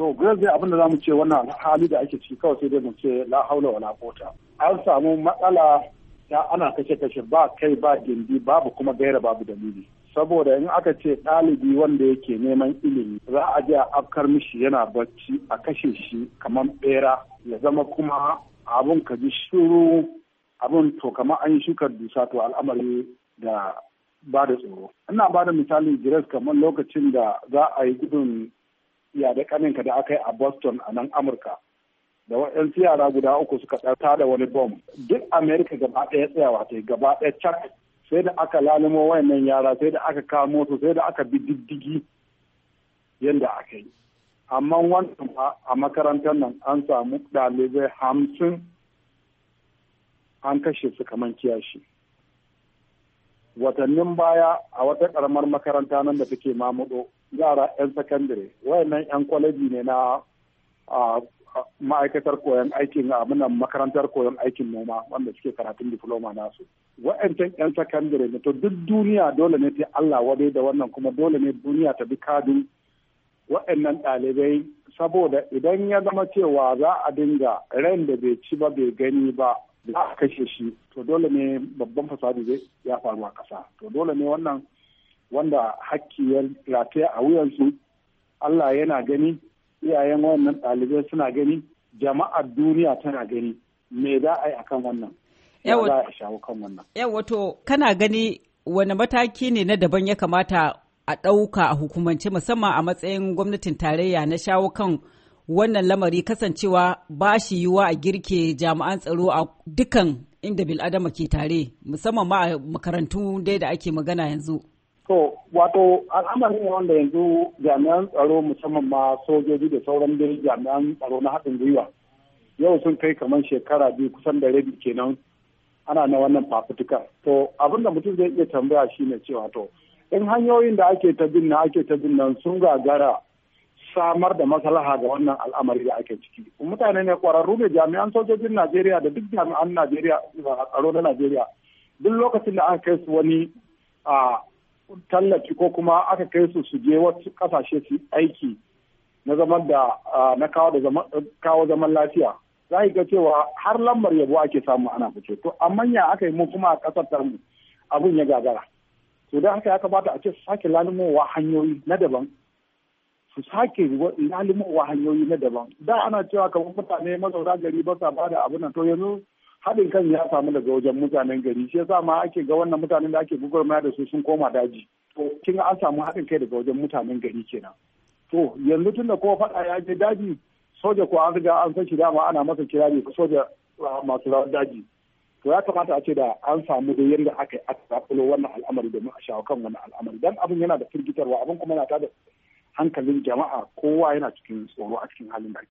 so gudan dai abin za mu ce wannan hali da ake ciki kawai sai dai mu ce la haula wala quwata an samu matsala ta ana kashe kashe ba kai ba gindi babu kuma gaira babu dalili saboda in aka ce ɗalibi wanda yake neman ilimi za a je a afkar mishi yana bacci a kashe shi kamar bera ya zama kuma abun ka ji shuru abun to kamar an yi shukar dusa to al'amari da ba da tsoro ina ba da misalin jiras kamar lokacin da za a yi gudun iya da kaninka da aka yi a Boston a nan Amurka. Da waɗansu yara guda uku suka ɗauka da wani bom. Duk Amerika gaba ɗaya tsayawa ta gaba ɗaya cak sai da aka lalimo wayannan yara sai da aka kamo su sai da aka bi diddigi yadda aka yi. Amma wannan a makarantar nan an samu ɗalibai hamsin an kashe su kamar kiyashi. Watannin baya a wata ƙaramar makaranta nan da take mamudo yara 'yan sakandare wayannan 'yan kwaleji ne na ma'aikatar koyon aikin abinan makarantar koyon aikin noma wanda suke karatun diploma nasu wa'ancan 'yan sakandare ne to duk duniya dole ne ta Allah wadai da wannan kuma dole ne duniya ta bi kadun wa'annan ɗalibai saboda idan ya zama cewa za a dinga ran da bai ci ba bai gani ba za a kashe shi to dole ne babban fasadi zai ya faru a kasa to dole ne wannan wanda hakki ya rataya a wuyansu Allah yana gani iyayen wannan ɗalibai suna gani jama'ar duniya tana gani me za a yi wannan a kan wannan yawato kana gani wani mataki ne na daban ya kamata a ɗauka a hukumance musamman a matsayin gwamnatin tarayya na shawo kan wannan lamari kasancewa ba shi yiwuwa a girke jami'an tsaro a dukan inda bil'adama ke tare musamman ma a makarantu dai da ake magana yanzu. so wato al'amarin wanda yanzu jami'an tsaro musamman ma sojoji da sauran dai jami'an tsaro na haɗin gwiwa yau sun kai kamar shekara biyu kusan da rabi kenan ana na wannan fafutuka. To, abin da mutum zai iya tambaya shi ne cewa to, in hanyoyin da ake ta bin nan ake ta bin nan sun gagara samar da maslaha ga wannan al'amari da ake ciki. Mutane ne kwararru ne jami'an sojojin Najeriya da duk jami'an Najeriya tsaro na Najeriya. Duk lokacin da aka kai su wani a tallafi ko kuma aka kai su su je wasu kasashe su aiki na zaman da na kawo zaman lafiya za a ga cewa har lambar yabo ake samu ana fice to amma ya aka yi mu kuma a kasar mu abun ya gagara to don haka ya kamata a ce su sake lalimowa hanyoyi na daban su sake lalimowa hanyoyi na daban da ana cewa kamar mutane mazauna gari ba sa ba da abin to yanzu haɗin kan ya samu daga wajen mutanen gari shi yasa ma ake ga wannan mutanen da ake gugurma da su sun koma daji to kin an samu haɗin kai daga wajen mutanen gari kenan to yanzu tun da kowa faɗa ya je daji soja ko an riga an san shi dama ana masa ne ko soja masu rawar daji to ya kamata a ce da an samu da yadda aka yi aka zakulo wannan al'amari domin a shawo kan wannan al'amari dan abin yana da firgitarwa abin kuma yana tada hankalin jama'a kowa yana cikin tsoro a cikin halin da